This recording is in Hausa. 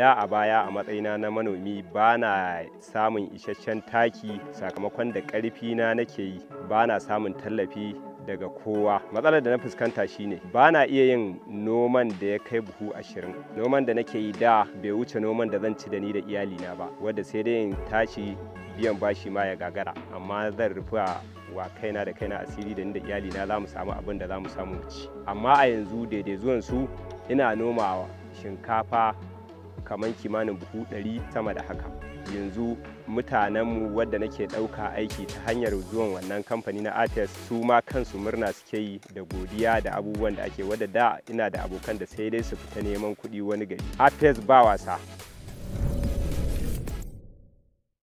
da a baya a matsayina na manomi ba na samun isasshen taki sakamakon da karfi na nake yi ba na samun tallafi daga kowa matsalar da na fuskanta shine ba na iya yin noman da ya kai buhu ashirin noman da nake yi da bai wuce noman da zan ci da ni da iyalina ba wadda sai dai in tashi biyan bashi ma ya gagara amma zan rufa wa kaina da kaina asiri da ni da iyalina za mu samu abin da za mu samu ci amma a yanzu daidai zuwan su ina nomawa shinkafa kamar kimanin buhu ɗari sama da haka yanzu mutanenmu wadda nake ɗauka aiki ta hanyar zuwan wannan kamfani na artes su ma kansu murna suke yi da godiya da abubuwan da ake wadda da ina da abokan da sai dai su fita neman kuɗi wani gari artes ba wasa